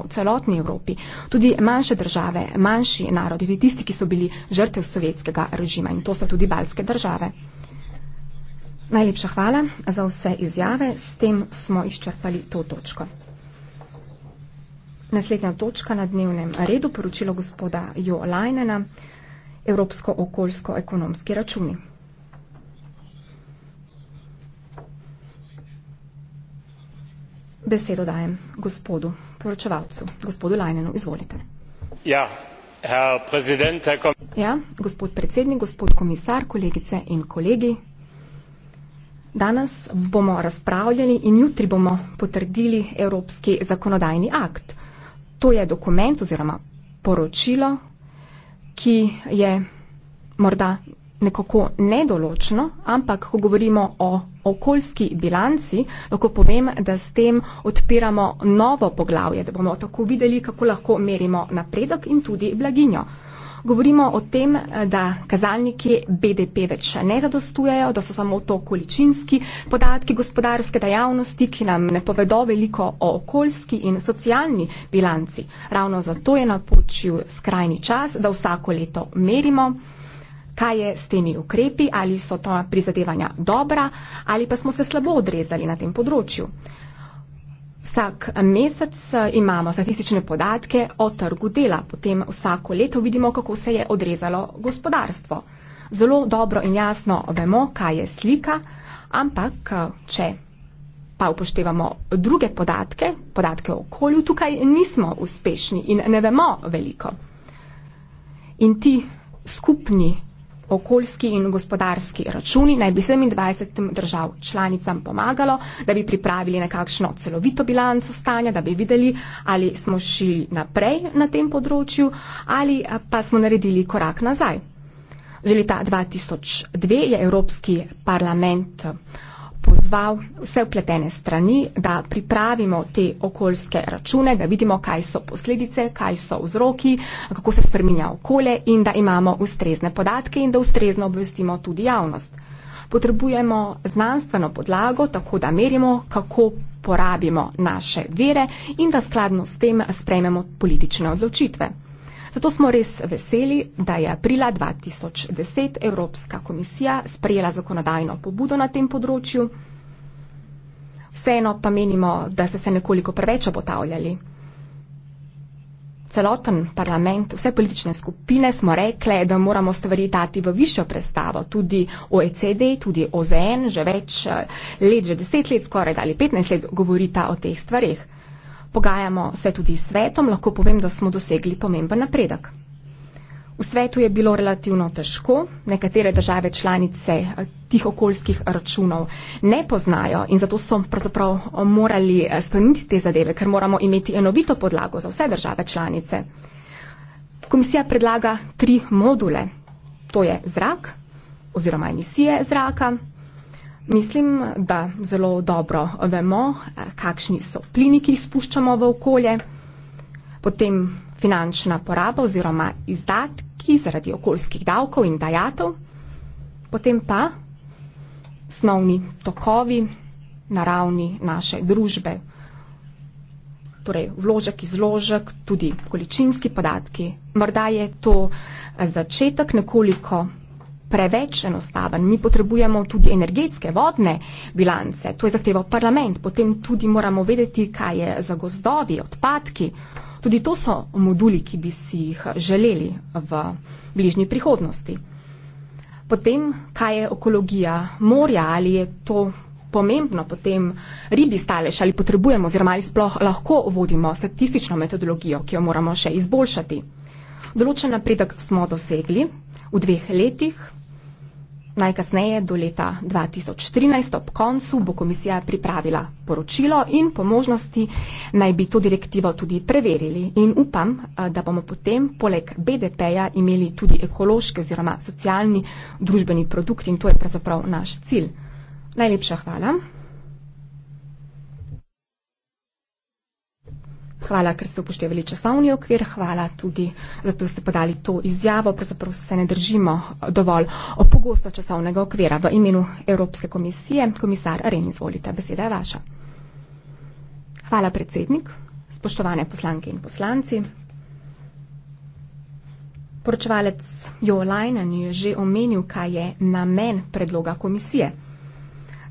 v celotni Evropi, tudi manjše države, manjši narodi, tudi tisti, ki so bili žrtev sovjetskega režima in to so tudi balske države. Najlepša hvala za vse izjave, s tem smo izčrpali to točko. Naslednja točka na dnevnem redu, poročilo gospoda Jo Lajnena, Evropsko okoljsko-ekonomski računi. Besedo dajem gospodu poročevalcu gospodu Lajnenu. Izvolite. Ja, ja, gospod predsednik, gospod komisar, kolegice in kolegi. Danes bomo razpravljali in jutri bomo potrdili Evropski zakonodajni akt. To je dokument oziroma poročilo, ki je morda nekako nedoločno, ampak ko govorimo o okoljski bilanci, lahko povem, da s tem odpiramo novo poglavje, da bomo tako videli, kako lahko merimo napredek in tudi blaginjo. Govorimo o tem, da kazalniki BDP več ne zadostujejo, da so samo to količinski podatki gospodarske dejavnosti, ki nam ne povedo veliko o okoljski in socialni bilanci. Ravno zato je napočil skrajni čas, da vsako leto merimo kaj je s temi ukrepi, ali so ta prizadevanja dobra, ali pa smo se slabo odrezali na tem področju. Vsak mesec eh, imamo statistične podatke o trgu dela, potem vsako leto vidimo, kako se je odrezalo gospodarstvo. Zelo dobro in jasno vemo, kaj je slika, ampak eh, če pa upoštevamo druge podatke, podatke o okolju, tukaj nismo uspešni in ne vemo veliko. In ti skupni okoljski in gospodarski računi naj bi 27 držav članicam pomagalo, da bi pripravili nekakšno celovito bilanco stanja, da bi videli, ali smo šli naprej na tem področju ali pa smo naredili korak nazaj. Že leta 2002 je Evropski parlament pozval vse vpletene strani, da pripravimo te okoljske račune, da vidimo, kaj so posledice, kaj so vzroki, kako se spreminja okolje in da imamo ustrezne podatke in da ustrezno obvestimo tudi javnost. Potrebujemo znanstveno podlago, tako da merimo, kako porabimo naše vere in da skladno s tem sprejmemo politične odločitve. Zato smo res veseli, da je aprila 2010 Evropska komisija sprejela zakonodajno pobudo na tem področju vseeno pa menimo, da ste se nekoliko preveč obotavljali. Celoten parlament, vse politične skupine smo rekle, da moramo stvari dati v višjo predstavo, tudi OECD, tudi OZN, že več eh, let, že deset let skoraj ali petnajst let govorita o teh stvarih. Pogajamo se tudi s svetom, lahko povem, da smo dosegli pomemben napredek. V svetu je bilo relativno težko, nekatere države članice eh, tih okoljskih računov ne poznajo in zato so pravzaprav eh, morali eh, spremeniti te zadeve, ker moramo imeti enovito podlago za vse države članice. Komisija predlaga tri module, to je zrak oziroma emisije zraka. Mislim, da zelo dobro vemo, kakšni so plini, ki jih spuščamo v okolje, potem finančna poraba oziroma izdatki zaradi okoljskih davkov in dajatov, potem pa osnovni tokovi na ravni naše družbe, torej vložek, izložek, tudi količinski podatki. Morda je to eh, začetek nekoliko preveč enostaven. Mi potrebujemo tudi energetske vodne bilance, to je zahteval parlament, potem tudi moramo vedeti, kaj je za gozdovi, odpadki, Tudi to so moduli, ki bi si jih želeli v bližnji prihodnosti. Potem, kaj je ekologija morja, ali je to pomembno, potem ribi stalež, ali potrebujemo oziroma ali sploh lahko vodimo statistično metodologijo, ki jo moramo še izboljšati. Določen napredek smo dosegli v dveh letih, Najkasneje do leta 2013 ob koncu bo komisija pripravila poročilo in po možnosti naj bi to direktivo tudi preverili. In upam, eh, da bomo potem poleg BDP-ja imeli tudi ekološki oziroma socialni družbeni produkt in to je pravzaprav naš cilj. Najlepša hvala. Hvala, ker ste upoštevali časovni okvir, hvala tudi za to, da ste podali to izjavo. Pravzaprav se ne držimo dovolj pogosto časovnega okvira. V imenu Evropske komisije, komisar Aren, izvolite, beseda je vaša. Hvala, predsednik. Spoštovane poslanke in poslanci. Poročevalec Jo Lajnen je že omenil, kaj je namen predloga komisije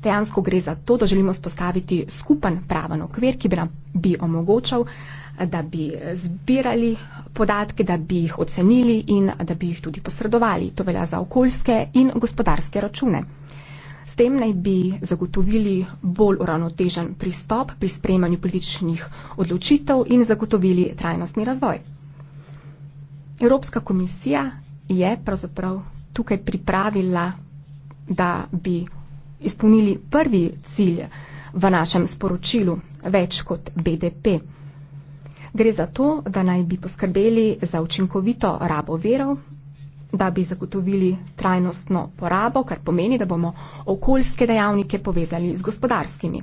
dejansko gre za to, da želimo spostaviti skupen praven okvir, ki bi nam bi omogočal, da bi zbirali podatke, da bi jih ocenili in da bi jih tudi posredovali. To velja za okoljske in gospodarske račune. S tem naj bi zagotovili bolj uravnotežen pristop pri sprejemanju političnih odločitev in zagotovili trajnostni razvoj. Evropska komisija je pravzaprav tukaj pripravila, da bi izpolnili prvi cilj v našem sporočilu, več kot BDP. Gre za to, da naj bi poskrbeli za učinkovito rabo verov, da bi zagotovili trajnostno porabo, kar pomeni, da bomo okoljske dejavnike povezali z gospodarskimi.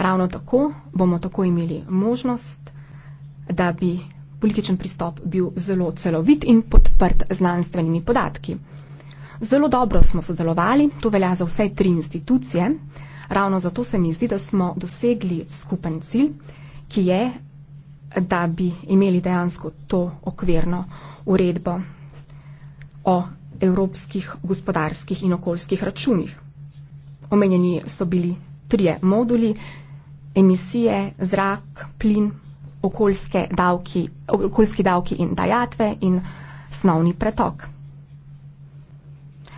Ravno tako bomo tako imeli možnost, da bi političen pristop bil zelo celovit in podprt znanstvenimi podatki. Zelo dobro smo sodelovali, to velja za vse tri institucije. Ravno zato se mi zdi, da smo dosegli skupen cilj, ki je, da bi imeli dejansko to okvirno uredbo o evropskih gospodarskih in okoljskih računih. Omenjeni so bili trije moduli, emisije, zrak, plin, okoljske davki, okoljski davki in dajatve in snovni pretok.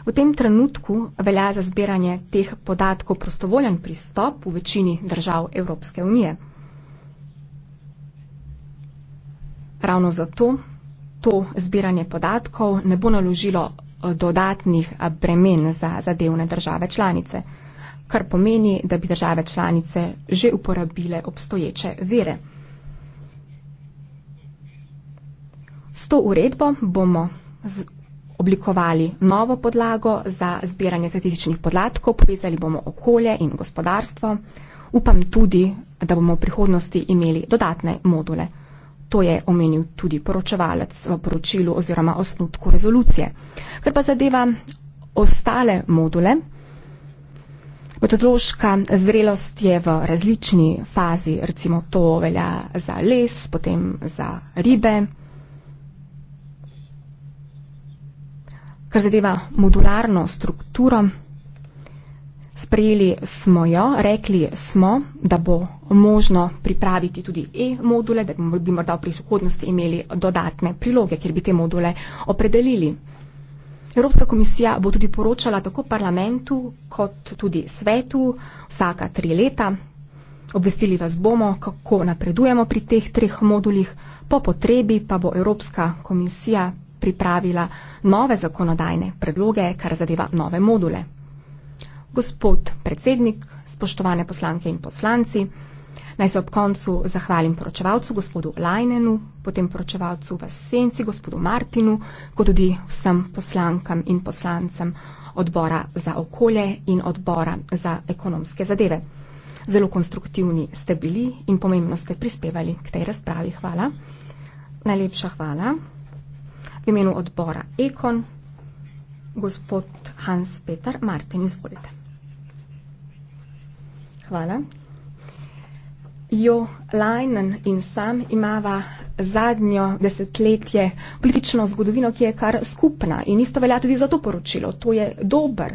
V tem trenutku velja za zbiranje teh podatkov prostovoljen pristop v večini držav Evropske unije. Ravno zato to zbiranje podatkov ne bo naložilo eh, dodatnih eh, bremen za zadevne države članice, kar pomeni, da bi države članice že uporabile obstoječe vere. S to uredbo bomo oblikovali novo podlago za zbiranje statističnih podatkov, povezali bomo okolje in gospodarstvo. Upam tudi, da bomo v prihodnosti imeli dodatne module. To je omenil tudi poročevalec v poročilu oziroma osnutku rezolucije. Ker pa zadeva ostale module, Metodološka zrelost je v različni fazi, recimo to velja za les, potem za ribe. kar zadeva modularno strukturo. Sprejeli smo jo, rekli smo, da bo možno pripraviti tudi e-module, da bi morda v prihodnosti imeli dodatne priloge, kjer bi te module opredelili. Evropska komisija bo tudi poročala tako parlamentu kot tudi svetu vsaka tri leta. Obvestili vas bomo, kako napredujemo pri teh treh modulih, po potrebi pa bo Evropska komisija pripravila nove zakonodajne predloge, kar zadeva nove module. Gospod predsednik, spoštovane poslanke in poslanci, naj se ob koncu zahvalim poročevalcu gospodu Lajnenu, potem poročevalcu v senci gospodu Martinu, kot tudi vsem poslankam in poslancem odbora za okolje in odbora za ekonomske zadeve. Zelo konstruktivni ste bili in pomembno ste prispevali k tej razpravi. Hvala. Najlepša hvala v imenu odbora Ekon, gospod Hans Petar Martin, izvolite. Hvala. Jo Leinen in sam imava zadnjo desetletje politično zgodovino, ki je kar skupna in isto velja tudi za to poročilo. To je dober,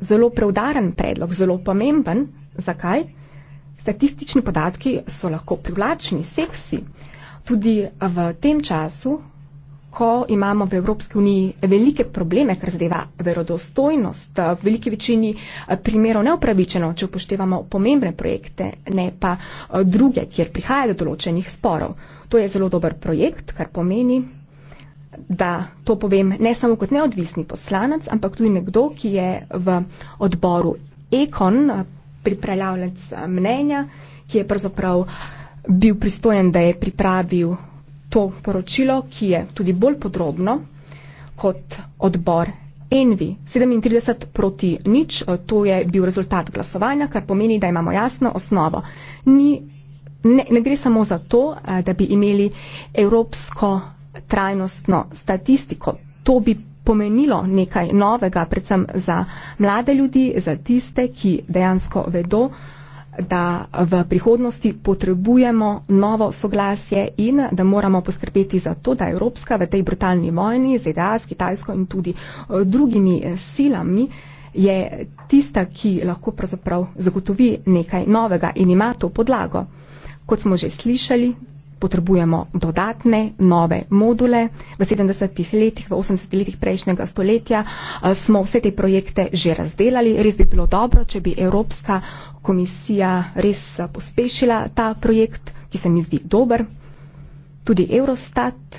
zelo preudaren predlog, zelo pomemben. Zakaj? Statistični podatki so lahko privlačni, seksi. Tudi v tem času ko imamo v Evropski uniji velike probleme, kar zadeva verodostojnost, v veliki večini eh, primerov neopravičeno, če upoštevamo pomembne projekte, ne pa eh, druge, kjer prihaja do določenih sporov. To je zelo dober projekt, kar pomeni, da to povem ne samo kot neodvisni poslanec, ampak tudi nekdo, ki je v odboru Ekon, eh, pripravljalec mnenja, ki je pravzaprav bil pristojen, da je pripravil to poročilo, ki je tudi bolj podrobno kot odbor Envi. 37 proti nič, eh, to je bil rezultat glasovanja, kar pomeni, da imamo jasno osnovo. Ni, ne, ne gre samo za to, eh, da bi imeli evropsko trajnostno statistiko. To bi pomenilo nekaj novega, predvsem za mlade ljudi, za tiste, ki dejansko vedo, da v prihodnosti potrebujemo novo soglasje in da moramo poskrbeti za to, da Evropska v tej brutalni vojni z EDA, s Kitajsko in tudi eh, drugimi eh, silami je tista, ki lahko pravzaprav zagotovi nekaj novega in ima to podlago. Kot smo že slišali, potrebujemo dodatne, nove module. V 70-ih letih, v 80-ih letih prejšnjega stoletja eh, smo vse te projekte že razdelali. Res bi bilo dobro, če bi Evropska komisija res eh, pospešila ta projekt, ki se mi zdi dober. Tudi Eurostat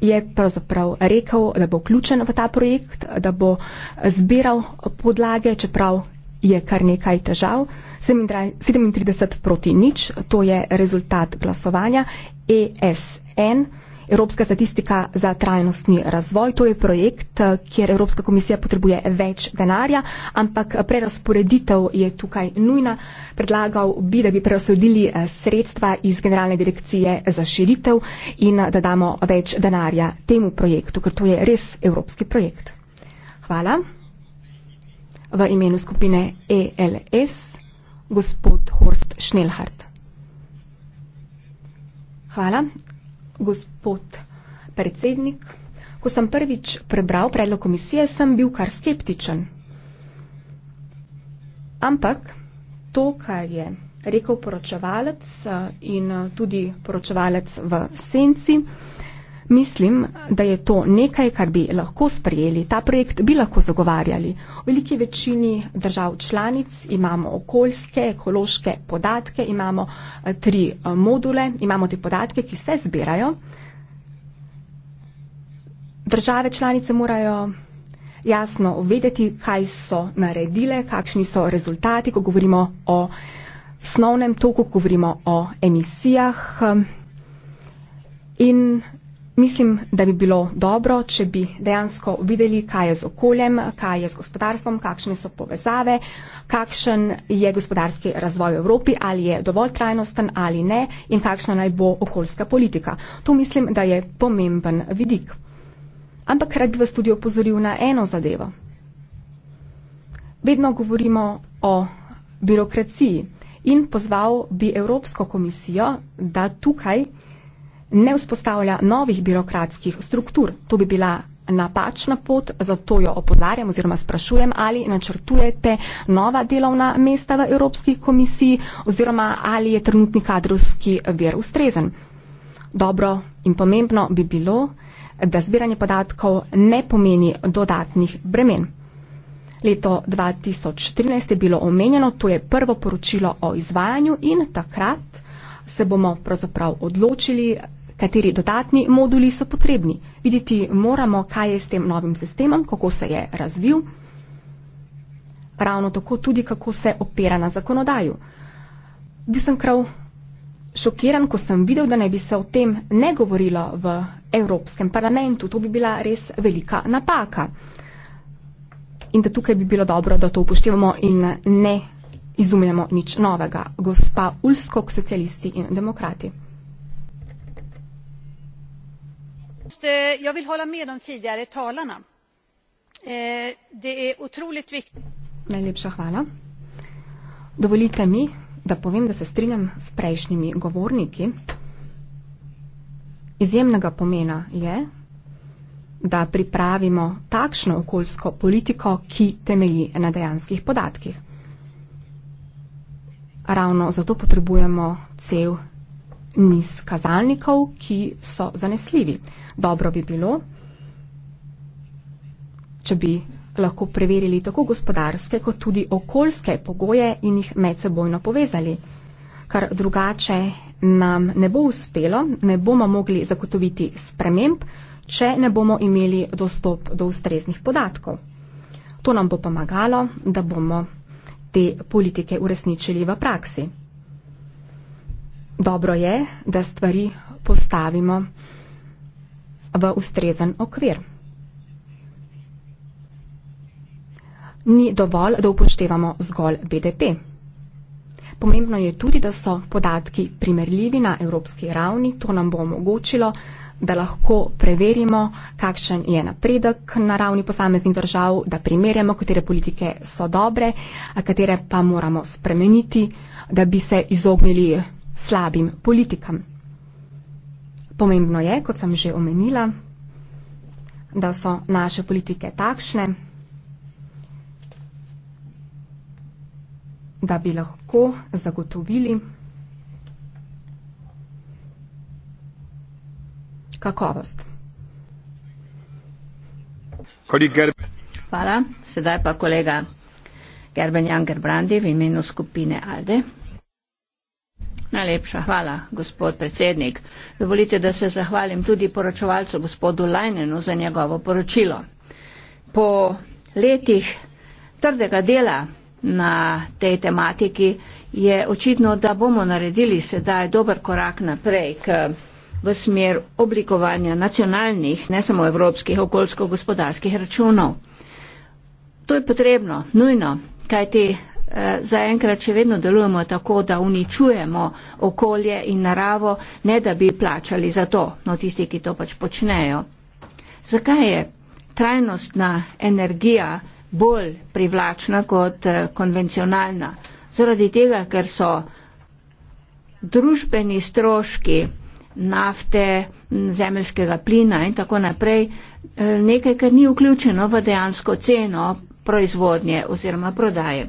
je pravzaprav rekel, da bo vključen v ta projekt, da bo eh, zbiral podlage, čeprav je kar nekaj težav. 37 proti nič, to je rezultat glasovanja. ESN, Evropska statistika za trajnostni razvoj, to je projekt, eh, kjer Evropska komisija potrebuje več denarja, ampak prerasporeditev je tukaj nujna. Predlagal bi, da bi prerasporedili eh, sredstva iz Generalne direkcije za širitev in eh, da damo več denarja temu projektu, ker to je res evropski projekt. Hvala v imenu skupine ELS gospod Horst Schnellhardt. Hvala, gospod predsednik. Ko sem prvič prebral predlog komisije, sem bil kar skeptičen. Ampak to, kar je rekel poročevalec eh, in eh, tudi poročevalec v senci, Mislim, da je to nekaj, kar bi lahko sprejeli, ta projekt bi lahko zagovarjali. V veliki večini držav članic imamo okoljske, ekološke podatke, imamo eh, tri eh, module, imamo te podatke, ki se zbirajo. Države članice morajo jasno vedeti, kaj so naredile, kakšni so rezultati, ko govorimo o snovnem toku, ko govorimo o emisijah. Eh, in Mislim, da bi bilo dobro, če bi dejansko videli, kaj je z okoljem, kaj je z gospodarstvom, kakšne so povezave, kakšen je gospodarski razvoj v Evropi, ali je dovolj trajnosten ali ne in kakšna naj bo okoljska politika. To mislim, da je pomemben vidik. Ampak rad bi vas tudi opozoril na eno zadevo. Vedno govorimo o birokraciji in pozval bi Evropsko komisijo, da tukaj ne vzpostavlja novih birokratskih struktur. To bi bila napačna pot, zato jo opozarjam oziroma sprašujem, ali načrtujete nova delovna mesta v Evropski komisiji oziroma ali je trenutni kadrovski vir ustrezen. Dobro in pomembno bi bilo, da zbiranje podatkov ne pomeni dodatnih bremen. Leto 2013 je bilo omenjeno, to je prvo poročilo o izvajanju in takrat se bomo pravzaprav odločili, kateri dodatni moduli so potrebni. Videti moramo, kaj je s tem novim sistemom, kako se je razvil, ravno tako tudi, kako se opera na zakonodaju. Bil sem krav šokiran, ko sem videl, da ne bi se o tem ne govorilo v Evropskem parlamentu. To bi bila res velika napaka. In da tukaj bi bilo dobro, da to upoštevamo in ne izumljamo nič novega. Gospa Ulskog, socialisti in demokrati. Jag vill hålla med de tidigare talarna. Eh, det är otroligt viktigt. Najlepša hvala. Dovolite mi, da povem, da se strinjam s prejšnjimi govorniki. Izjemnega pomena je, da pripravimo takšno okoljsko politiko, ki temelji na dejanskih podatkih. Ravno zato potrebujemo cel niz kazalnikov, ki so zanesljivi dobro bi bilo, če bi lahko preverili tako gospodarske kot tudi okoljske pogoje in jih medsebojno povezali, kar drugače nam ne bo uspelo, ne bomo mogli zagotoviti sprememb, če ne bomo imeli dostop do ustreznih podatkov. To nam bo pomagalo, da bomo te politike uresničili v praksi. Dobro je, da stvari postavimo v ustrezen okvir. Ni dovolj, da upoštevamo zgolj BDP. Pomembno je tudi, da so podatki primerljivi na evropski ravni. To nam bo omogočilo, da lahko preverimo, kakšen je napredek na ravni posameznih držav, da primerjamo, katere politike so dobre, a katere pa moramo spremeniti, da bi se izognili slabim politikam. Pomembno je, kot sem že omenila, da so naše politike takšne, da bi lahko zagotovili kakovost. Hvala. Sedaj pa kolega Gerben Janker Brandi v imenu skupine ALDE. Najlepša hvala, gospod predsednik. Dovolite, da se zahvalim tudi poročevalcu gospodu Lajnenu za njegovo poročilo. Po letih trdega dela na tej tematiki je očitno, da bomo naredili sedaj dober korak naprej k, v smer oblikovanja nacionalnih, ne samo evropskih, okoljsko-gospodarskih računov. To je potrebno, nujno, kajti zaenkrat še vedno delujemo tako, da uničujemo okolje in naravo, ne da bi plačali za to, no tisti, ki to pač počnejo. Zakaj je trajnostna energija bolj privlačna kot eh, konvencionalna? Zaradi tega, ker so družbeni stroški nafte, zemljskega plina in tako naprej, eh, nekaj, kar ni vključeno v dejansko ceno proizvodnje oziroma prodaje.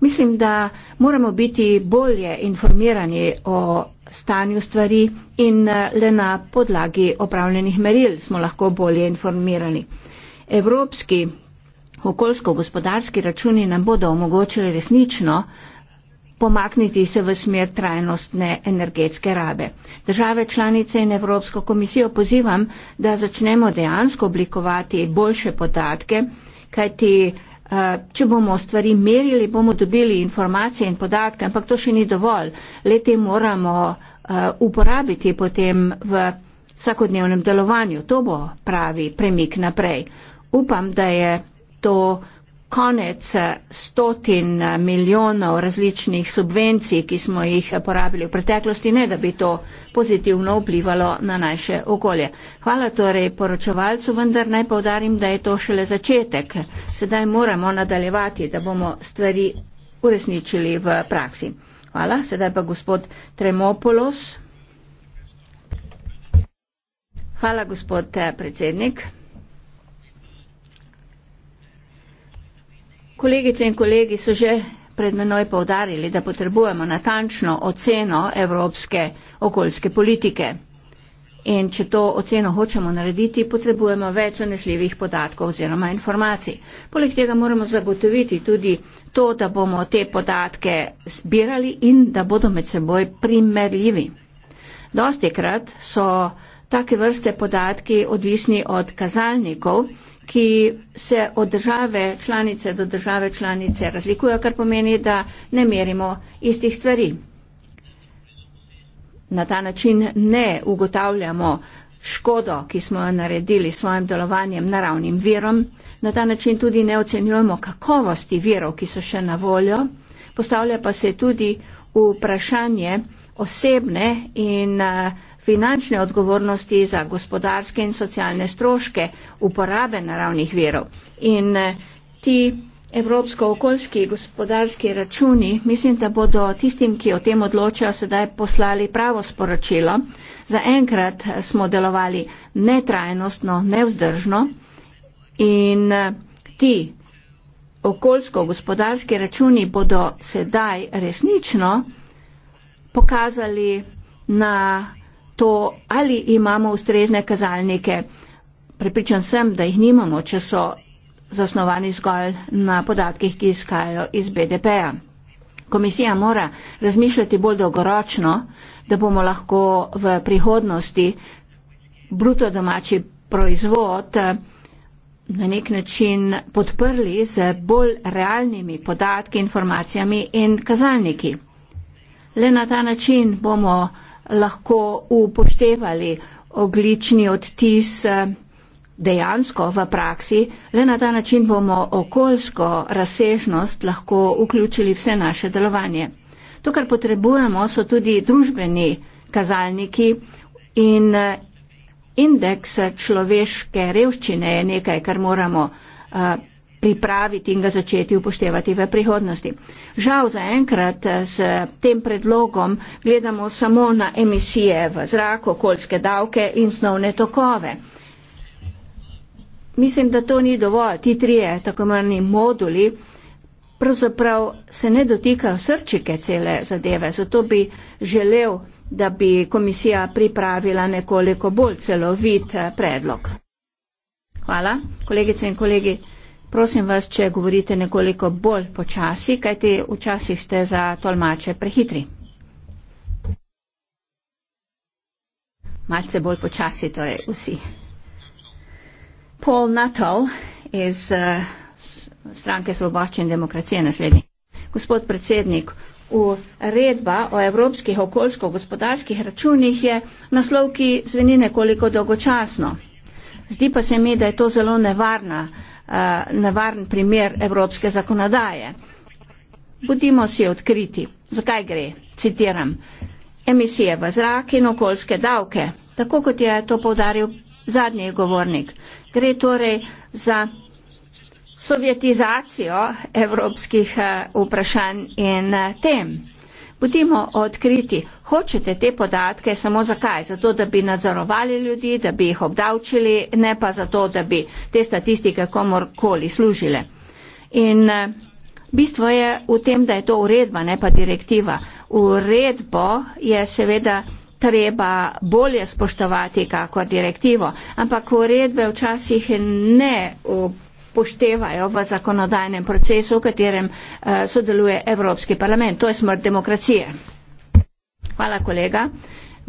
Mislim, da moramo biti bolje informirani o stanju stvari in eh, le na podlagi opravljenih meril smo lahko bolje informirani. Evropski okoljsko-gospodarski računi nam bodo omogočili resnično pomakniti se v smer trajnostne energetske rabe. Države članice in Evropsko komisijo pozivam, da začnemo dejansko oblikovati boljše podatke, kajti Eh, če bomo stvari merili, bomo dobili informacije in podatke, ampak to še ni dovolj. Le te moramo eh, uporabiti potem v vsakodnevnem delovanju. To bo pravi premik naprej. Upam, da je to konec eh, stotin eh, milijonov različnih subvencij, ki smo jih porabili v preteklosti, ne da bi to pozitivno vplivalo na naše okolje. Hvala torej poročevalcu, vendar naj povdarim, da je to šele začetek. Sedaj moramo nadaljevati, da bomo stvari uresničili v praksi. Hvala. Sedaj pa gospod Tremopolos. Hvala, gospod eh, predsednik. Kolegice in kolegi so že pred menoj povdarili, da potrebujemo natančno oceno evropske okoljske politike. In če to oceno hočemo narediti, potrebujemo več zanesljivih podatkov oziroma informacij. Poleg tega moramo zagotoviti tudi to, da bomo te podatke zbirali in da bodo med seboj primerljivi. Dostikrat so take vrste podatki odvisni od kazalnikov, ki se od države članice do države članice razlikujejo, kar pomeni, da ne merimo istih stvari. Na ta način ne ugotavljamo škodo, ki smo jo naredili s svojim delovanjem naravnim virom, na ta način tudi ne ocenjujemo kakovosti virov, ki so še na voljo, postavlja pa se tudi vprašanje osebne in uh, finančne odgovornosti za gospodarske in socialne stroške uporabe naravnih verov. In eh, ti evropsko-okoljski gospodarski računi, mislim, da bodo tistim, ki o tem odločajo, sedaj poslali pravo sporočilo. Za enkrat eh, smo delovali netrajnostno, nevzdržno in eh, ti okoljsko-gospodarski računi bodo sedaj resnično pokazali na to, ali imamo ustrezne kazalnike. Pripričan sem, da jih nimamo, če so zasnovani zgolj na podatkih, ki izhajajo iz BDP-ja. Komisija mora razmišljati bolj dolgoročno, da bomo lahko v prihodnosti bruto domači proizvod eh, na nek način podprli z bolj realnimi podatki, informacijami in kazalniki. Le na ta način bomo lahko upoštevali oglični odtis eh, dejansko v praksi, le na ta način bomo okoljsko razsežnost lahko vključili vse naše delovanje. To, kar potrebujemo, so tudi družbeni kazalniki in eh, indeks človeške revščine je nekaj, kar moramo uh, pripraviti in ga začeti upoštevati v prihodnosti. Žal zaenkrat eh, s tem predlogom gledamo samo na emisije v zrak, okoljske davke in snovne tokove. Mislim, da to ni dovolj. Ti trije tako imenovani moduli pravzaprav se ne dotikajo srčike cele zadeve. Zato bi želel, da bi komisija pripravila nekoliko bolj celovit eh, predlog. Hvala, kolegice in kolegi. Prosim vas, če govorite nekoliko bolj počasi, kajti včasih ste za tolmače prehitri. Malce bolj počasi, torej vsi. Paul Nuttall iz uh, stranke Svobodče in demokracije naslednji. Gospod predsednik, uredba o evropskih okoljsko-gospodarskih računih je naslov, ki zveni nekoliko dolgočasno. Zdi pa se mi, da je to zelo nevarna Eh, nevaren primer evropske zakonodaje. Budimo si odkriti, zakaj gre, citiram, emisije v zrak in okoljske davke, tako kot je to povdaril zadnji govornik. Gre torej za sovjetizacijo evropskih eh, vprašanj in eh, tem. Budimo odkriti, hočete te podatke samo zakaj? Zato, da bi nadzorovali ljudi, da bi jih obdavčili, ne pa zato, da bi te statistike komorkoli služile. In eh, bistvo je v tem, da je to uredba, ne pa direktiva. Uredbo je seveda treba bolje spoštovati kakor direktivo, ampak uredbe včasih ne. Uh, poštevajo v zakonodajnem procesu, v katerem uh, sodeluje Evropski parlament. To je smrt demokracije. Hvala, kolega.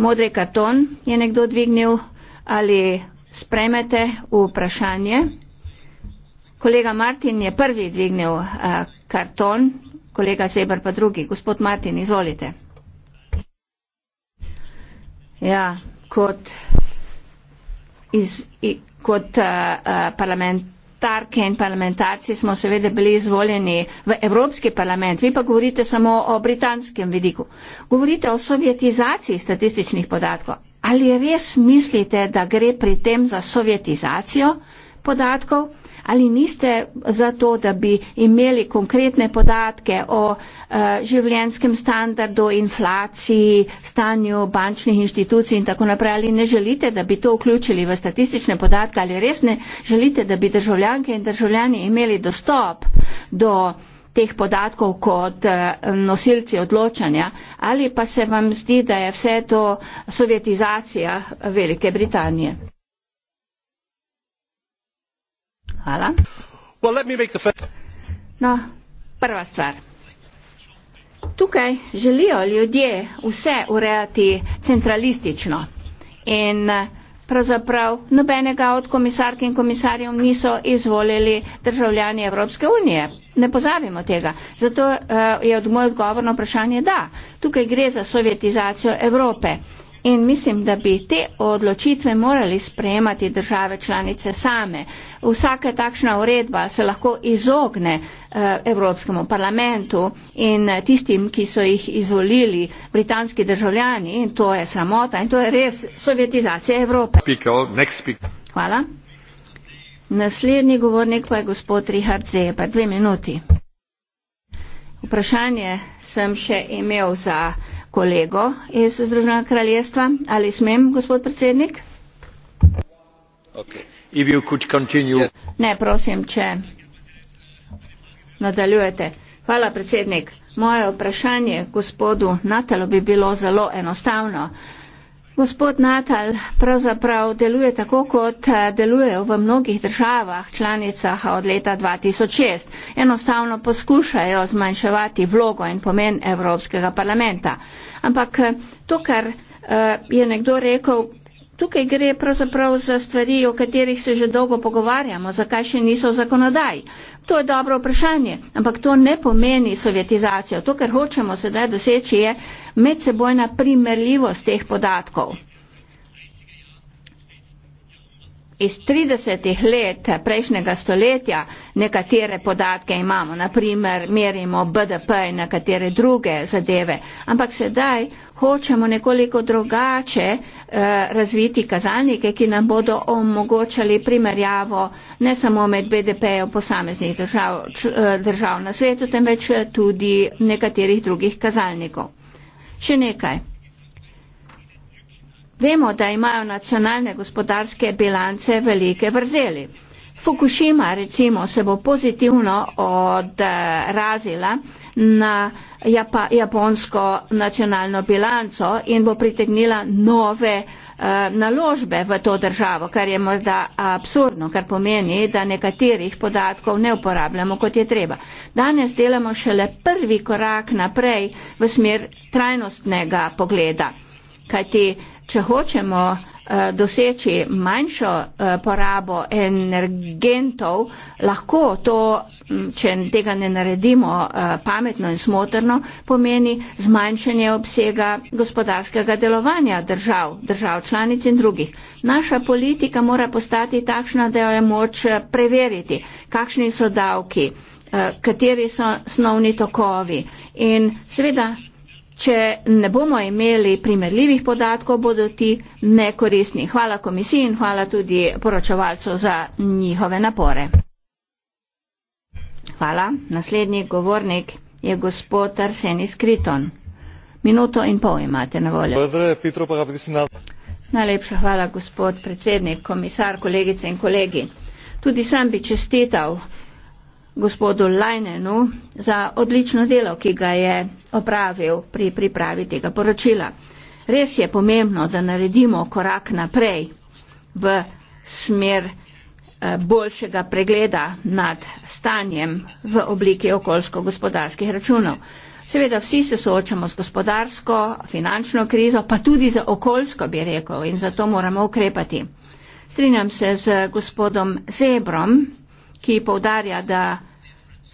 Modri karton je nekdo dvignil. Ali spremete vprašanje? Kolega Martin je prvi dvignil uh, karton, kolega Sebr pa drugi. Gospod Martin, izvolite. Ja, kot, iz, i, kot uh, parlament, parlamentarke in parlamentarci smo seveda bili izvoljeni v Evropski parlament, vi pa govorite samo o britanskem vidiku. Govorite o sovjetizaciji statističnih podatkov. Ali res mislite, da gre pri tem za sovjetizacijo podatkov? ali niste za to, da bi imeli konkretne podatke o uh, eh, življenskem standardu, inflaciji, stanju bančnih inštitucij in tako naprej, ali ne želite, da bi to vključili v statistične podatke, ali res ne želite, da bi državljanke in državljani imeli dostop do teh podatkov kot eh, nosilci odločanja ali pa se vam zdi, da je vse to sovjetizacija Velike Britanije? Hvala. No, prva stvar. Tukaj želijo ljudje vse urejati centralistično in eh, pravzaprav nobenega od komisark in komisarjev niso izvolili državljani Evropske unije. Ne pozabimo tega. Zato eh, je od moj odgovor na vprašanje da. Tukaj gre za sovjetizacijo Evrope in mislim, da bi te odločitve morali sprejemati države članice same. Vsaka takšna uredba se lahko izogne eh, Evropskemu parlamentu in eh, tistim, ki so jih izvolili britanski državljani in to je sramota in to je res sovjetizacija Evrope. Hvala. Naslednji govornik pa je gospod Richard Zeber. Dve minuti. Vprašanje sem še imel za kolego iz Združenega kraljestva. Ali smem, gospod predsednik? Okay. Yes. Ne, prosim, če nadaljujete. Hvala, predsednik. Moje vprašanje gospodu Natalu bi bilo zelo enostavno. Gospod Natal, pravzaprav deluje tako, kot eh, delujejo v mnogih državah, članicah od leta 2006. Enostavno poskušajo zmanjševati vlogo in pomen Evropskega parlamenta. Ampak eh, to, kar eh, je nekdo rekel, tukaj gre pravzaprav za stvari, o katerih se že dolgo pogovarjamo, zakaj še niso v zakonodaji. To je dobro vprašanje, ampak to ne pomeni sovjetizacijo. To, kar hočemo sedaj doseči, je medsebojna primerljivost teh podatkov. iz 30 let prejšnjega stoletja nekatere podatke imamo, naprimer merimo BDP in nekatere druge zadeve, ampak sedaj hočemo nekoliko drugače eh, razviti kazalnike, ki nam bodo omogočali primerjavo ne samo med BDP-jo posameznih držav, č, eh, držav na svetu, temveč tudi nekaterih drugih kazalnikov. Še nekaj. Vemo, da imajo nacionalne gospodarske bilance velike vrzeli. Fukushima recimo se bo pozitivno odrazila na Japa, japonsko nacionalno bilanco in bo pritegnila nove eh, naložbe v to državo, kar je morda absurdno, kar pomeni, da nekaterih podatkov ne uporabljamo, kot je treba. Danes delamo šele prvi korak naprej v smer trajnostnega pogleda, kajti če hočemo eh, doseči manjšo eh, porabo energentov, lahko to, če tega ne naredimo eh, pametno in smotrno, pomeni zmanjšanje obsega gospodarskega delovanja držav, držav članic in drugih. Naša politika mora postati takšna, da jo je moč preveriti, kakšni so davki, kateri so snovni tokovi in seveda Če ne bomo imeli primerljivih podatkov, bodo ti nekoristni. Hvala komisiji in hvala tudi poročevalcu za njihove napore. Hvala. Naslednji govornik je gospod Arsenij Skriton. Minuto in pol imate na voljo. Najlepša hvala, gospod predsednik, komisar, kolegice in kolegi. Tudi sam bi čestital gospodu Lajnenu za odlično delo, ki ga je opravil pri pripravi tega poročila. Res je pomembno, da naredimo korak naprej v smer eh, boljšega pregleda nad stanjem v obliki okoljsko-gospodarskih računov. Seveda vsi se soočamo z gospodarsko, finančno krizo, pa tudi z okoljsko, bi rekel, in zato moramo ukrepati. Strinjam se z gospodom Zebrom, ki povdarja, da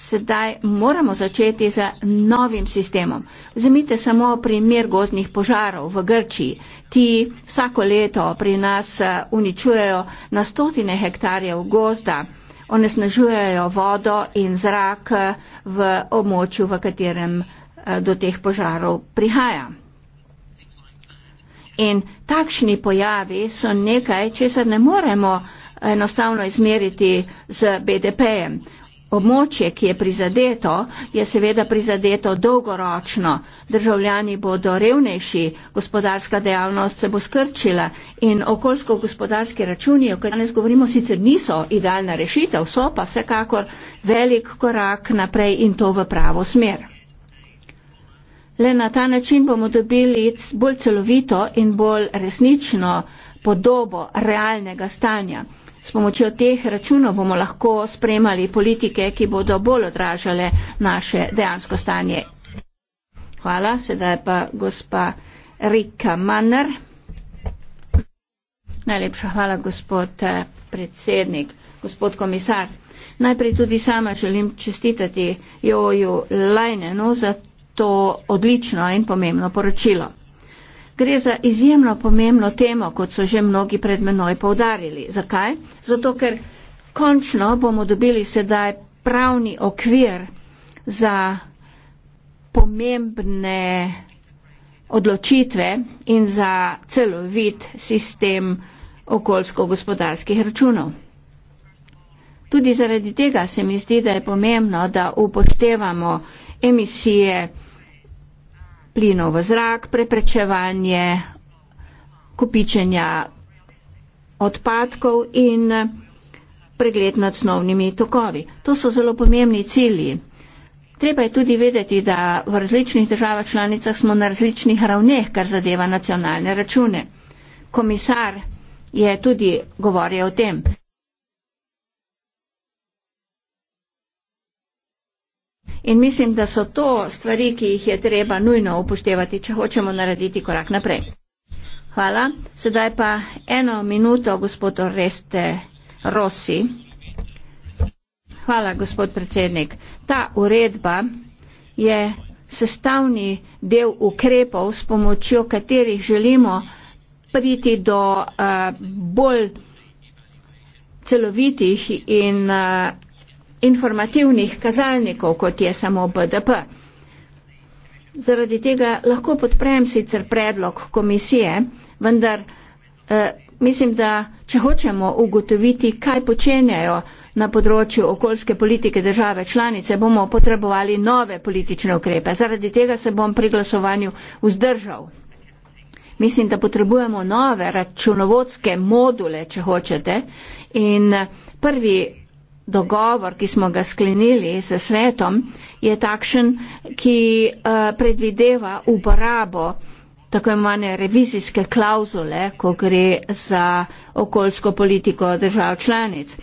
sedaj moramo začeti z novim sistemom. Zamite samo primer gozdnih požarov v Grčiji. Ti vsako leto pri nas eh, uničujejo na stotine hektarjev gozda, onesnažujejo vodo in zrak eh, v območju, v katerem eh, do teh požarov prihaja. In takšni pojavi so nekaj, česar ne moremo enostavno izmeriti z BDP-jem. Območje, ki je prizadeto, je seveda prizadeto dolgoročno. Državljani bodo revnejši, gospodarska dejavnost se bo skrčila in okoljsko-gospodarski računi, o katerih danes govorimo, sicer niso idealna rešitev, so pa vsekakor velik korak naprej in to v pravo smer. Le na ta način bomo dobili bolj celovito in bolj resnično podobo realnega stanja. S pomočjo teh računov bomo lahko spremali politike, ki bodo bolj odražale naše dejansko stanje. Hvala, sedaj pa gospa Rika Manner. Najlepša hvala, gospod eh, predsednik, gospod komisar. Najprej tudi sama želim čestitati Joju Lajnenu za to odlično in pomembno poročilo. Gre za izjemno pomembno temo, kot so že mnogi pred menoj povdarili. Zakaj? Zato, ker končno bomo dobili sedaj pravni okvir za pomembne odločitve in za celovit sistem okoljsko-gospodarskih računov. Tudi zaradi tega se mi zdi, da je pomembno, da upoštevamo emisije, plinov v zrak, preprečevanje kopičenja odpadkov in pregled nad snovnimi tokovi. To so zelo pomembni cilji. Treba je tudi vedeti, da v različnih državah članicah smo na različnih ravneh, kar zadeva nacionalne račune. Komisar je tudi govoril o tem. In mislim, da so to stvari, ki jih je treba nujno upoštevati, če hočemo narediti korak naprej. Hvala. Sedaj pa eno minuto, gospod Oreste Rossi. Hvala, gospod predsednik. Ta uredba je sestavni del ukrepov, s pomočjo katerih želimo priti do uh, bolj celovitih in uh, informativnih kazalnikov, kot je samo BDP. Zaradi tega lahko podprem sicer predlog komisije, vendar eh, mislim, da če hočemo ugotoviti, kaj počenjajo na področju okoljske politike države članice, bomo potrebovali nove politične ukrepe. Zaradi tega se bom pri glasovanju vzdržal. Mislim, da potrebujemo nove računovodske module, če hočete. In eh, prvi dogovor, ki smo ga sklenili s svetom, je takšen, ki uh, predvideva uporabo tako imane revizijske klauzule, ko gre za okoljsko politiko držav članic.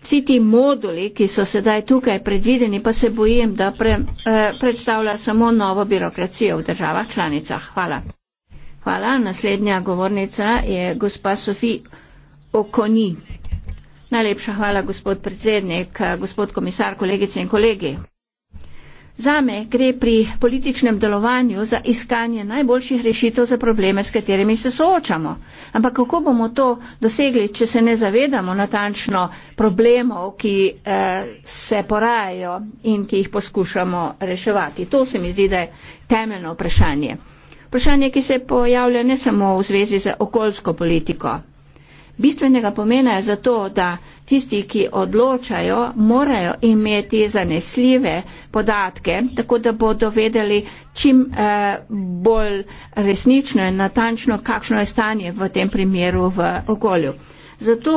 Vsi ti moduli, ki so sedaj tukaj predvideni, pa se bojim, da pre, eh, predstavlja samo novo birokracijo v državah članicah. Hvala. Hvala. Naslednja govornica je gospa Sofi Okoni. Najlepša hvala, gospod predsednik, gospod komisar, kolegice in kolegi. Zame gre pri političnem delovanju za iskanje najboljših rešitev za probleme, s katerimi se soočamo. Ampak kako bomo to dosegli, če se ne zavedamo natančno problemov, ki eh, se porajajo in ki jih poskušamo reševati? To se mi zdi, da je temeljno vprašanje. Vprašanje, ki se pojavlja ne samo v zvezi z okoljsko politiko, Bistvenega pomena je zato, da tisti, ki odločajo, morajo imeti zanesljive podatke, tako da bodo vedeli čim eh, bolj resnično in natančno, kakšno je stanje v tem primeru v okolju. Zato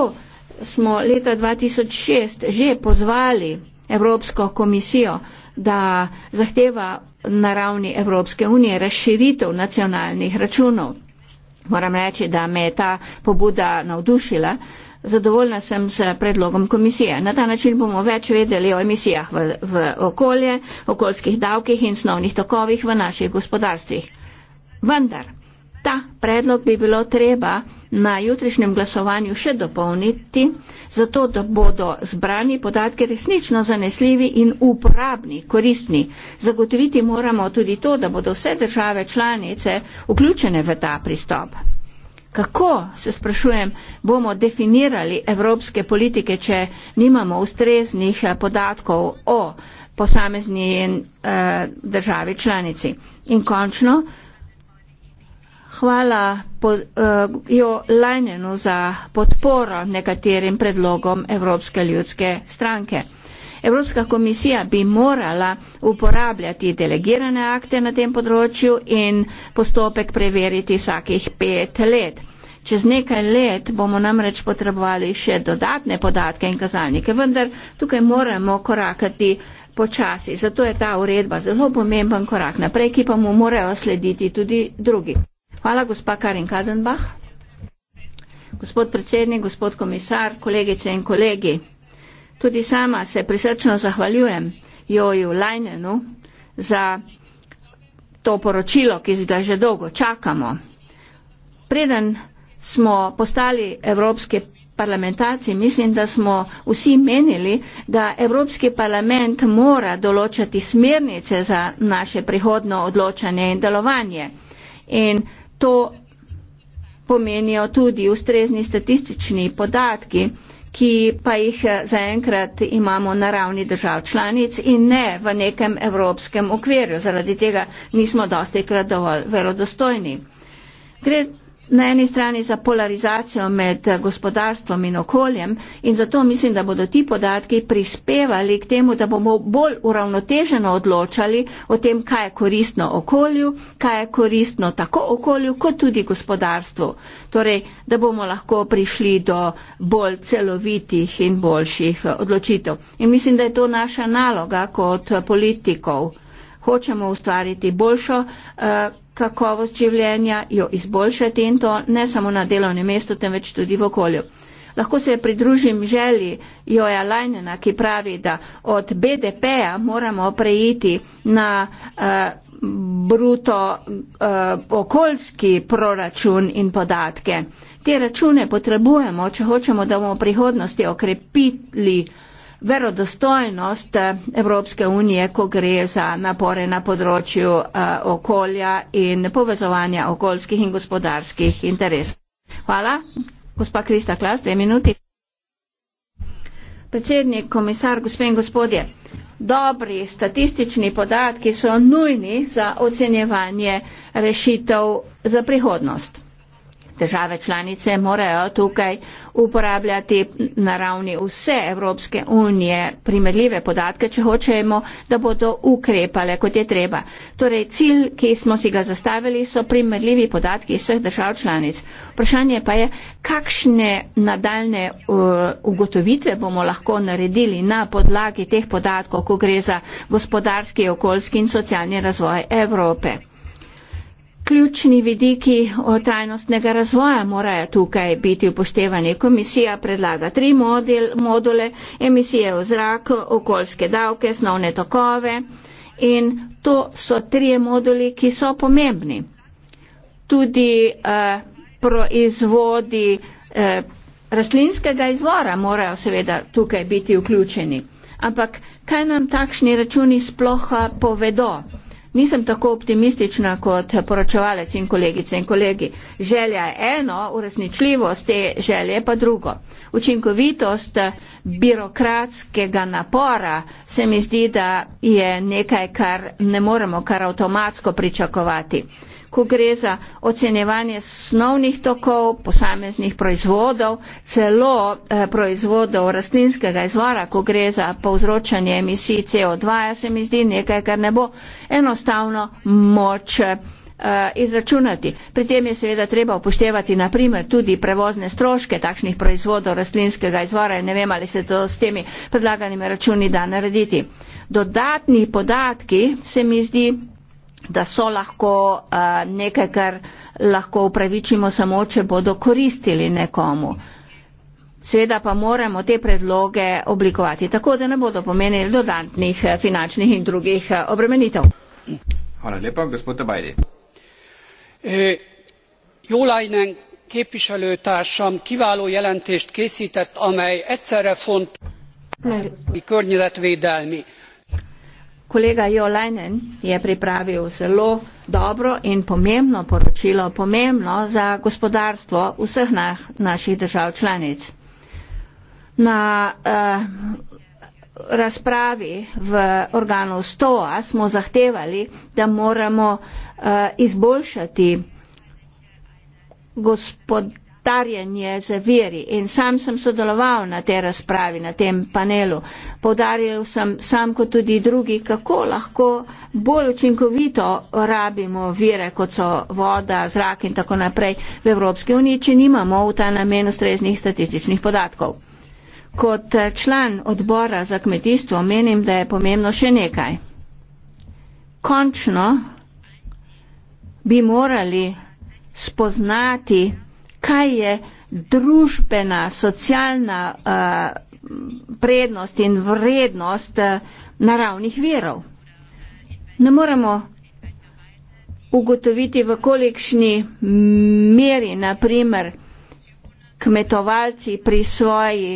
smo leta 2006 že pozvali Evropsko komisijo, da zahteva na ravni Evropske unije razširitev nacionalnih računov. Moram reči, da me je ta pobuda navdušila. Zadovoljna sem s predlogom komisije. Na ta način bomo več vedeli o emisijah v, v okolje, okoljskih davkih in snovnih tokovih v naših gospodarstvih. Vendar, ta predlog bi bilo treba na jutrišnjem glasovanju še dopolniti, zato da bodo zbrani podatki resnično zanesljivi in uporabni, koristni. Zagotoviti moramo tudi to, da bodo vse države članice vključene v ta pristop. Kako, se sprašujem, bomo definirali evropske politike, če nimamo ustreznih eh, podatkov o posamezni eh, državi članici? In končno, hvala eh, jo Lajnenu za podporo nekaterim predlogom Evropske ljudske stranke. Evropska komisija bi morala uporabljati delegirane akte na tem področju in postopek preveriti vsakih pet let. Čez nekaj let bomo namreč potrebovali še dodatne podatke in kazalnike, vendar tukaj moramo korakati počasi. Zato je ta uredba zelo pomemben korak naprej, ki pa mu morajo slediti tudi drugi. Hvala, gospa Karin Kadenbach. Gospod predsednik, gospod komisar, kolegice in kolegi. Tudi sama se prisrčno zahvaljujem Joju Lajnenu za to poročilo, ki ga že dolgo čakamo. Preden smo postali evropski parlamentarci, mislim, da smo vsi menili, da Evropski parlament mora določati smernice za naše prihodno odločanje in delovanje. In to pomenijo tudi ustrezni statistični podatki, ki pa jih eh, zaenkrat imamo na ravni držav članic in ne v nekem evropskem okvirju. Zaradi tega nismo dosti krat dovolj verodostojni. Gre na eni strani za polarizacijo med gospodarstvom in okoljem in zato mislim, da bodo ti podatki prispevali k temu, da bomo bolj uravnoteženo odločali o tem, kaj je koristno okolju, kaj je koristno tako okolju kot tudi gospodarstvu. Torej, da bomo lahko prišli do bolj celovitih in boljših odločitev. In mislim, da je to naša naloga kot politikov. Hočemo ustvariti boljšo eh, kakovost življenja, jo izboljšati in to ne samo na delovnem mestu, temveč tudi v okolju. Lahko se pridružim želji Joja Lajnena, ki pravi, da od BDP-ja moramo prejiti na uh, bruto uh, okoljski proračun in podatke. Te račune potrebujemo, če hočemo, da bomo v prihodnosti okrepili uh, verodostojnost eh, Evropske unije, ko gre za napore na področju eh, okolja in povezovanja okoljskih in gospodarskih interesov. Hvala. Gospa Krista Klas, dve minuti. Predsednik, komisar, gospe in gospodje, dobri statistični podatki so nujni za ocenjevanje rešitev za prihodnost. Države članice morajo tukaj uporabljati na ravni vse Evropske unije primerljive podatke, če hočemo, da bodo ukrepale, kot je treba. Torej, cilj, ki smo si ga zastavili, so primerljivi podatki vseh držav članic. Vprašanje pa je, kakšne nadaljne uh, ugotovitve bomo lahko naredili na podlagi teh podatkov, ko gre za gospodarski, okoljski in socialni razvoj Evrope ključni vidiki o trajnostnega razvoja morajo tukaj biti upoštevani. Komisija predlaga tri model, module, emisije v zraku, okoljske davke, snovne tokove in to so tri moduli, ki so pomembni. Tudi eh, proizvodi eh, rastlinskega izvora morajo seveda tukaj biti vključeni. Ampak kaj nam takšni računi sploh eh, povedo? Nisem tako optimistična kot poročevalec in kolegice in kolegi. Želja je eno, uresničljivost te želje pa drugo. Učinkovitost birokratskega napora se mi zdi, da je nekaj, kar ne moremo kar avtomatsko pričakovati ko gre za ocenevanje snovnih tokov, posameznih proizvodov, celo eh, proizvodov rastlinskega izvora, ko gre za povzročanje emisij CO2, se mi zdi nekaj, kar ne bo enostavno moč eh, izračunati. Pri tem je seveda treba upoštevati naprimer tudi prevozne stroške takšnih proizvodov rastlinskega izvora in ne vem, ali se to s temi predlaganimi računi da narediti. Dodatni podatki se mi zdi da so lahko eh, nekaj, kar lahko upravičimo samo, če bodo koristili nekomu. Seveda pa moramo te predloge oblikovati tako, da ne bodo pomenili dodatnih eh, finančnih in drugih eh, obremenitev. Hvala lepa, gospod Bajdi. E, Jolajnen képviselőtársam kiváló jelentést készített, amely egyszerre font környezetvédelmi, Kolega Jo Leinen je pripravil zelo dobro in pomembno poročilo, pomembno za gospodarstvo vseh na, naših držav članic. Na uh, razpravi v organu STOA smo zahtevali, da moramo uh, izboljšati gospodarstvo tarjanje za veri in sam sem sodeloval na tej razpravi, na tem panelu. Podaril sem sam kot tudi drugi, kako lahko bolj učinkovito rabimo vire, kot so voda, zrak in tako naprej v Evropski uniji, če nimamo v ta namen ustreznih statističnih podatkov. Kot eh, član odbora za kmetijstvo menim, da je pomembno še nekaj. Končno bi morali spoznati kaj je družbena, socialna uh, prednost in vrednost uh, naravnih verov. Ne moremo ugotoviti, v kolikšni meri, naprimer, kmetovalci pri svoji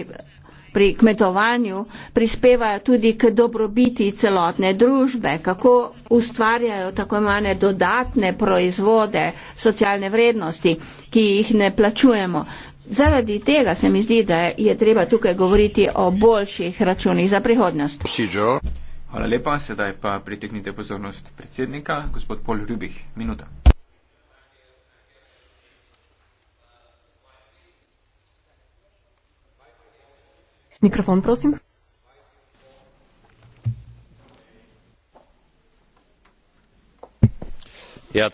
pri kmetovanju prispevajo tudi k dobrobiti celotne družbe, kako ustvarjajo tako imane dodatne proizvode socialne vrednosti ki jih ne plačujemo. Zaradi tega se mi zdi, da je treba tukaj govoriti o boljših računih za prihodnost. Hvala lepa, sedaj pa priteknite pozornost predsednika, gospod Pol Rubih. Minuta. Mikrofon, prosim. Ja,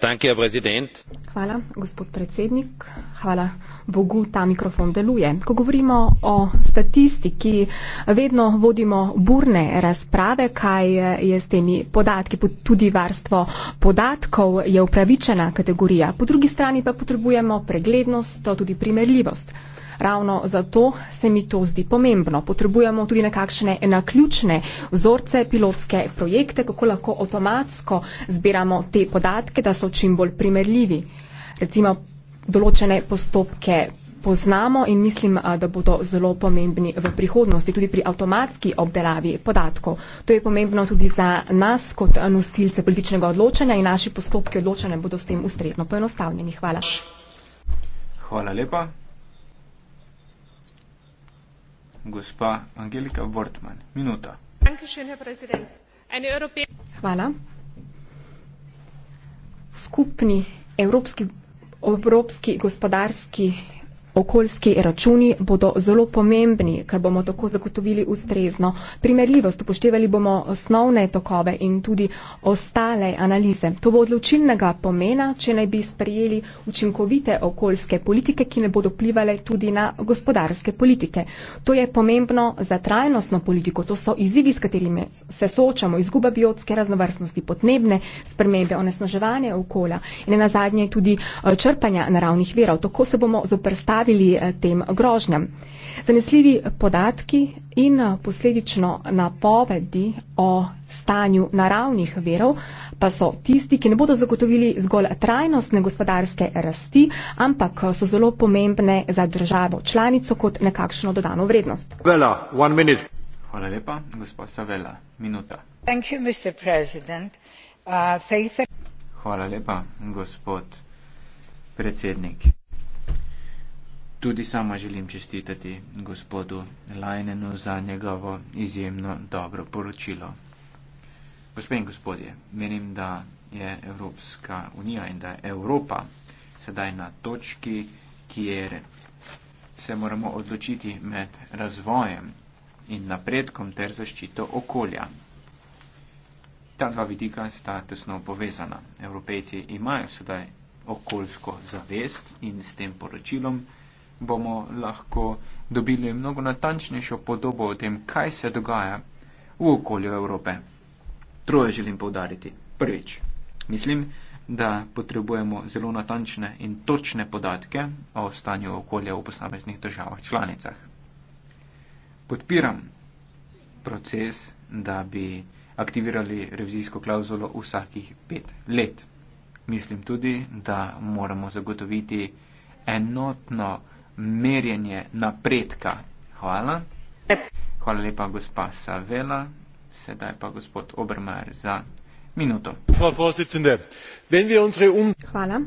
Hvala, gospod predsednik. Hvala Bogu, ta mikrofon deluje. Ko govorimo o statistiki, vedno vodimo burne razprave, kaj je s temi podatki. Tudi varstvo podatkov je upravičena kategorija. Po drugi strani pa potrebujemo preglednost, tudi primerljivost. Ravno zato se mi to zdi pomembno. Potrebujemo tudi nekakšne naključne vzorce, pilotske projekte, kako lahko avtomatsko zbiramo te podatke, da so čim bolj primerljivi. Recimo določene postopke poznamo in mislim, da bodo zelo pomembni v prihodnosti, tudi pri avtomatski obdelavi podatkov. To je pomembno tudi za nas kot nosilce političnega odločanja in naši postopki odločanja bodo s tem ustrezno poenostavljeni. Hvala. Hvala lepa gospa Angelika Wortman. Minuta. Hvala. Skupni evropski, evropski gospodarski okoljski računi bodo zelo pomembni, ker bomo tako zagotovili ustrezno primerljivost. Upoštevali bomo osnovne tokove in tudi ostale analize. To bo odločilnega pomena, če naj bi sprejeli učinkovite okoljske politike, ki ne bodo vplivali tudi na gospodarske politike. To je pomembno za trajnostno politiko. To so izzivi, s katerimi se soočamo. Izguba biotske raznovrstnosti, podnebne spremembe, onesnaževanje okolja in na zadnje tudi eh, črpanja naravnih verov. Tako se bomo zoprstavili postavili eh, tem grožnjam. Zanesljivi podatki in eh, posledično napovedi o stanju naravnih verov pa so tisti, ki ne bodo zagotovili zgolj trajnostne gospodarske rasti, ampak eh, so zelo pomembne za državo članico kot nekakšno dodano vrednost. Vela, Hvala lepa, gospod Savela. Minuta. You, uh, Hvala lepa, gospod predsednik. Tudi sama želim čestitati gospodu Lajnenu za njegovo izjemno dobro poročilo. Gospe in gospodje, menim, da je Evropska unija in da je Evropa sedaj na točki, kjer se moramo odločiti med razvojem in napredkom ter zaščito okolja. Ta dva vidika sta tesno povezana. Evropejci imajo sedaj okoljsko zavest in s tem poročilom bomo lahko dobili mnogo natančnejšo podobo o tem, kaj se dogaja v okolju Evrope. Troje želim povdariti. Prvič, mislim, da potrebujemo zelo natančne in točne podatke o stanju okolja v posameznih državah članicah. Podpiram proces, da bi aktivirali revizijsko klauzulo vsakih pet let. Mislim tudi, da moramo zagotoviti enotno merjenje napredka. Hvala. Hvala lepa, gospa Savela. Sedaj pa gospod Obermajer za minuto. Um- Hvala.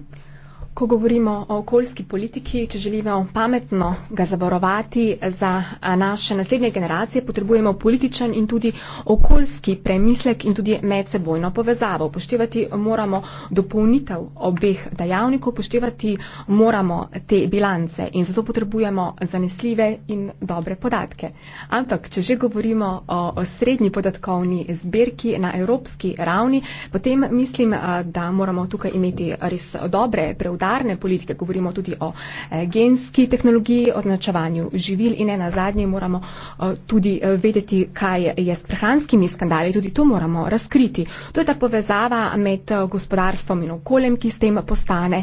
Ko govorimo o okoljski politiki, če želimo pametno ga zavarovati za naše naslednje generacije, potrebujemo političen in tudi okoljski premislek in tudi medsebojno povezavo. Poštevati moramo dopolnitev obeh dejavnikov, poštevati moramo te bilance in zato potrebujemo zanesljive in dobre podatke. Ampak, če že govorimo o srednji podatkovni zbirki na evropski ravni, potem mislim, da moramo tukaj imeti res dobre preudarje monetarne politike, govorimo tudi o eh, genski tehnologiji, označevanju živil in ne nazadnje moramo eh, tudi eh, vedeti, kaj je s prehranskimi skandali, tudi to moramo razkriti. To je ta povezava med gospodarstvom in okoljem, ki s tem postane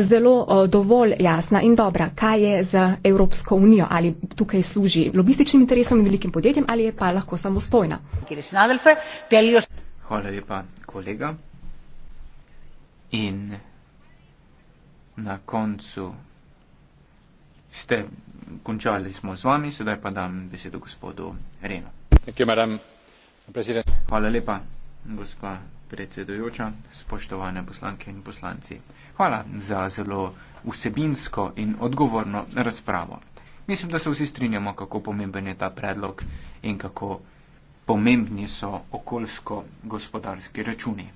zelo dovolj jasna in dobra, kaj je z Evropsko unijo, ali tukaj služi lobističnim interesom in velikim podjetjem ali je pa lahko samostojna. Hvala lepa, kolega. In na koncu ste končali smo z vami, sedaj pa dam besedo gospodu Renu. Hvala lepa, gospa predsedujoča, spoštovane poslanke in poslanci. Hvala za zelo vsebinsko in odgovorno razpravo. Mislim, da se vsi strinjamo, kako pomemben je ta predlog in kako pomembni so okoljsko-gospodarski računi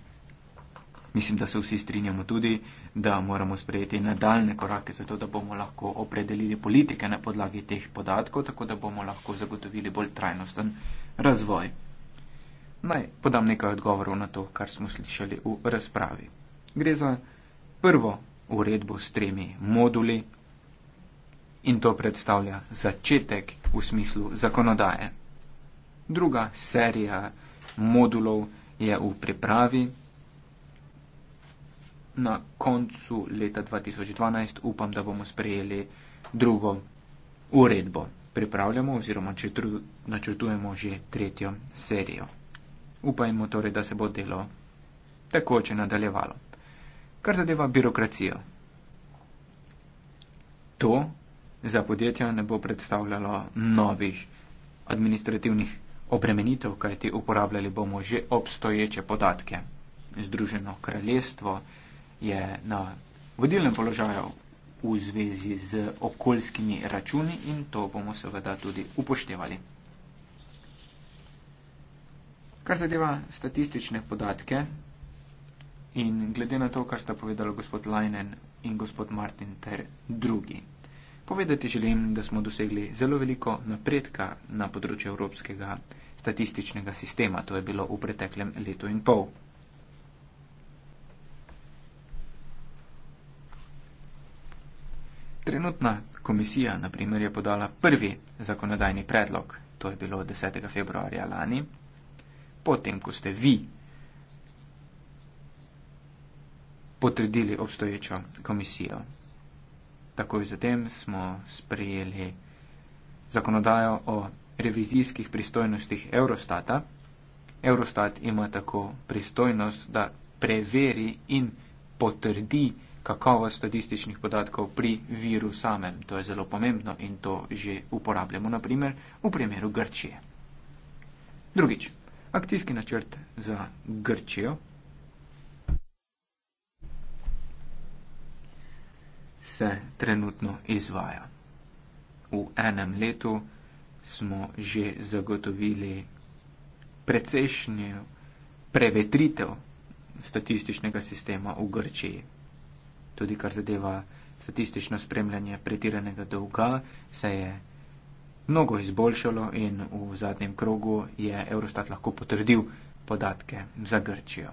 mislim, da se vsi strinjamo tudi, da moramo sprejeti nadaljne korake, zato da bomo lahko opredelili politike na podlagi teh podatkov, tako da bomo lahko zagotovili bolj trajnosten razvoj. Naj podam nekaj odgovorov na to, kar smo slišali v razpravi. Gre za prvo uredbo s tremi moduli in to predstavlja začetek v smislu zakonodaje. Druga serija modulov je v pripravi, na koncu leta 2012 upam, da bomo sprejeli drugo uredbo. Pripravljamo oziroma načrtujemo že tretjo serijo. Upajmo torej, da se bo delo takoče nadaljevalo. Kar zadeva birokracijo. To za podjetja ne bo predstavljalo novih administrativnih obremenitev, kajti uporabljali bomo že obstoječe podatke. Združeno kraljestvo, je na vodilnem položaju v zvezi z okoljskimi računi in to bomo seveda tudi upoštevali. Kar zadeva statistične podatke in glede na to, kar sta povedala gospod Leinen in gospod Martin ter drugi. Povedati želim, da smo dosegli zelo veliko napredka na področju evropskega statističnega sistema, to je bilo v preteklem letu in pol. Trenutna komisija, na primer, je podala prvi zakonodajni predlog, to je bilo 10. februarja lani, potem, ko ste vi potrdili obstoječo komisijo. Takoj zatem smo sprejeli zakonodajo o revizijskih pristojnostih Eurostata. Eurostat ima tako pristojnost, da preveri in potrdi, kakovost statističnih podatkov pri viru samem. To je zelo pomembno in to že uporabljamo, naprimer, v primeru Grčije. Drugič, akcijski načrt za Grčijo. Se trenutno izvaja. V enem letu smo že zagotovili precejšnjo prevetritev statističnega sistema v Grčiji tudi kar zadeva statistično spremljanje pretiranega dolga, se je mnogo izboljšalo in v zadnjem krogu je Eurostat lahko potrdil podatke za Grčijo.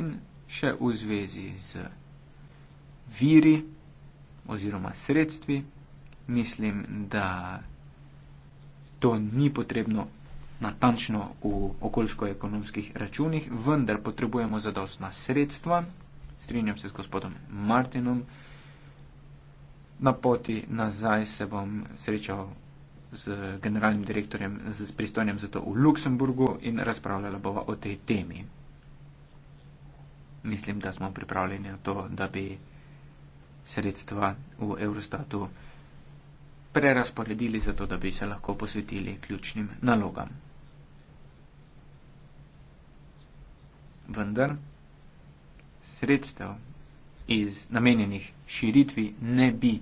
In še v zvezi z viri oziroma sredstvi, mislim, da to ni potrebno natančno v okoljsko-ekonomskih računih, vendar potrebujemo zadostna sredstva, strinjam se z gospodom Martinom. Na poti nazaj se bom srečal z generalnim direktorjem, z pristojnim za to v Luksemburgu in razpravljala bova o tej temi. Mislim, da smo pripravljeni na to, da bi sredstva v Eurostatu prerasporedili za to, da bi se lahko posvetili ključnim nalogam. Vendar sredstev, iz, namenjenih širitvi, ne bi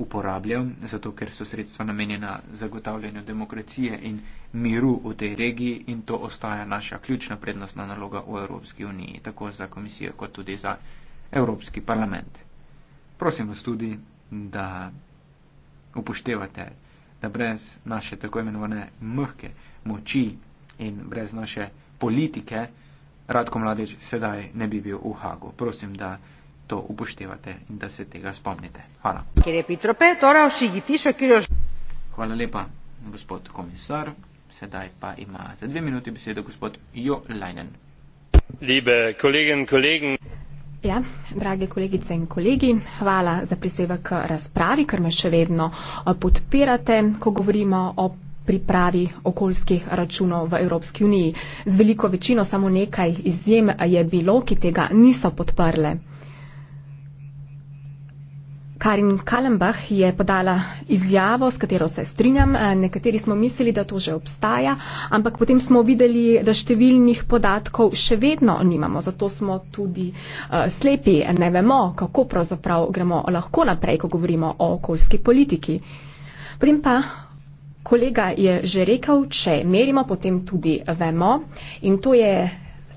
uporabljal, zato ker so sredstva namenjena zagotavljanju demokracije in miru v tej regiji in to ostaja naša ključna prednostna naloga v Evropski uniji, tako za komisijo kot tudi za Evropski parlament. Prosim vas tudi, da upoštevate, da brez naše tako imenovane mhke moči in brez naše politike, Radko Mladež sedaj ne bi bil v Hagu. Prosim, da to upoštevate in da se tega spomnite. Hvala. Torej hvala lepa, gospod komisar. Sedaj pa ima za dve minuti besedo gospod Jo Leinen. Liebe Kolleginnen und Kollegen. Ja, drage kolegice in kolegi, hvala za prispevek k razpravi, ker me še vedno eh, podpirate, ko govorimo o pripravi okoljskih računov v Evropski uniji. Z veliko večino, samo nekaj izjem je bilo, ki tega niso podprle. Karin Kalembach je podala izjavo, s katero se strinjam. Nekateri smo mislili, da to že obstaja, ampak potem smo videli, da številnih podatkov še vedno nimamo. Zato smo tudi uh, slepi, ne vemo, kako pravzaprav gremo lahko naprej, ko govorimo o okoljski politiki. Potem pa Kolega je že rekel, če merimo, potem tudi vemo. In to je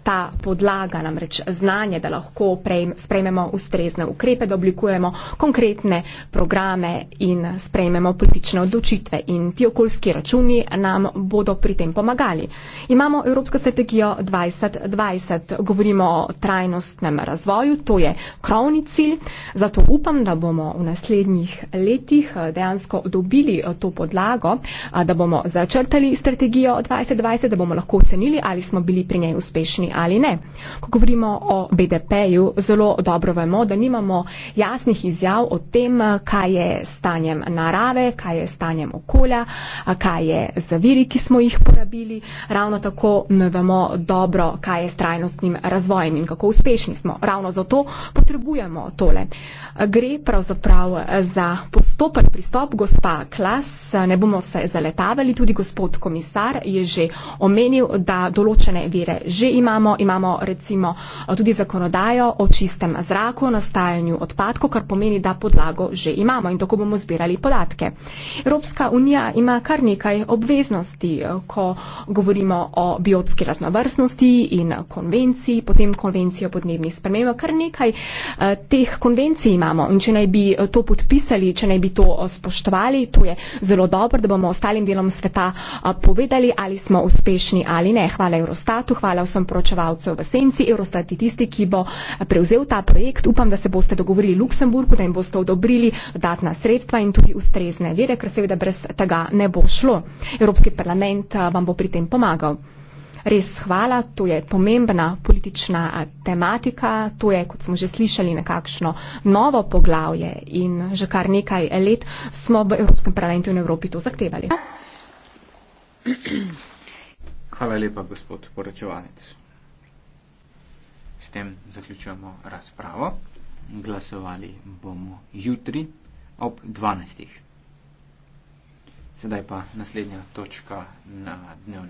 ta podlaga, namreč znanje, da lahko prejm, sprejmemo ustrezne ukrepe, da oblikujemo konkretne programe in sprejmemo politične odločitve. In ti okoljski računi nam bodo pri tem pomagali. Imamo Evropsko strategijo 2020, govorimo o trajnostnem razvoju, to je krovni cilj. Zato upam, da bomo v naslednjih letih eh, dejansko dobili eh, to podlago, eh, da bomo začrtali strategijo 2020, da bomo lahko ocenili, ali smo bili pri njej uspešni ali ne. Ko govorimo o BDP-ju, zelo dobro vemo, da nimamo jasnih izjav o tem, kaj je stanjem narave, kaj je stanjem okolja, kaj je zaviri, ki smo jih porabili. Ravno tako ne vemo dobro, kaj je s trajnostnim razvojem in kako uspešni smo. Ravno zato potrebujemo tole. Gre pravzaprav za postopen pristop, gospa Klas, ne bomo se zaletavali, tudi gospod komisar je že omenil, da določene vire že imamo imamo. Imamo recimo eh, tudi zakonodajo o čistem zraku, nastajanju odpadkov, kar pomeni, da podlago že imamo in tako bomo zbirali podatke. Evropska unija ima kar nekaj obveznosti, eh, ko govorimo o biotski raznovrstnosti in konvenciji, potem konvencijo podnebnih sprememb, kar nekaj eh, teh konvencij imamo in če naj bi to podpisali, če naj bi to spoštovali, to je zelo dobro, da bomo ostalim delom sveta povedali, ali smo uspešni ali ne. Hvala Eurostatu, hvala vsem pročem reševalcev v senci. Eurostat je tisti, ki bo prevzel ta projekt. Upam, da se boste dogovorili v Luksemburgu, da jim boste odobrili dodatna sredstva in tudi ustrezne vere, ker seveda brez tega ne bo šlo. Evropski parlament eh, vam bo pri tem pomagal. Res hvala, to je pomembna politična eh, tematika, to je, kot smo že slišali, nekakšno novo poglavje in že kar nekaj let smo v Evropskem parlamentu in Evropi to zahtevali. Hvala lepa, gospod poročevalec tem zaključujemo razpravo. Glasovali bomo jutri ob 12. Sedaj pa naslednja točka na dnevnem.